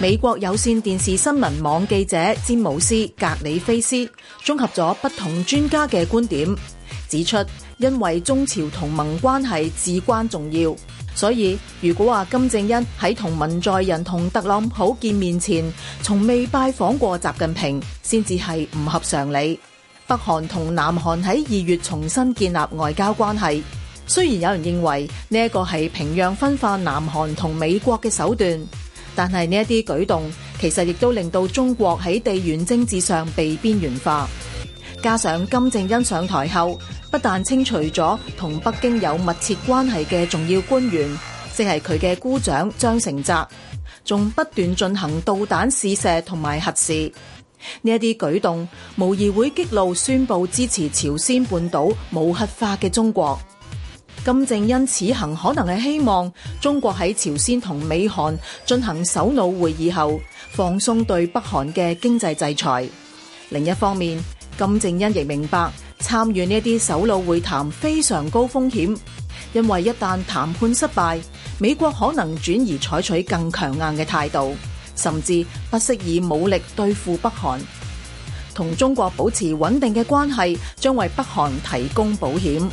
美國有線電視新聞網記者詹姆斯·格里菲斯綜合咗不同專家嘅觀點，指出，因為中朝同盟關係至關重要，所以如果話金正恩喺同文在寅同特朗普見面前，從未拜訪過習近平，先至係唔合常理。北韓同南韓喺二月重新建立外交關係，雖然有人認為呢一個係平壤分化南韓同美國嘅手段。但係呢一啲舉動，其實亦都令到中國喺地緣政治上被邊緣化。加上金正恩上台後，不但清除咗同北京有密切關係嘅重要官員，即係佢嘅姑丈張成澤，仲不斷進行導彈試射同埋核試。呢一啲舉動，無疑會激怒宣佈支持朝鮮半島無核化嘅中國。金正恩此行可能係希望中國喺朝鮮同美韓進行首腦會議後，放鬆對北韓嘅經濟制裁。另一方面，金正恩亦明白參與呢啲首腦會談非常高風險，因為一旦談判失敗，美國可能轉而採取更強硬嘅態度，甚至不惜以武力對付北韓。同中國保持穩定嘅關係，將為北韓提供保險。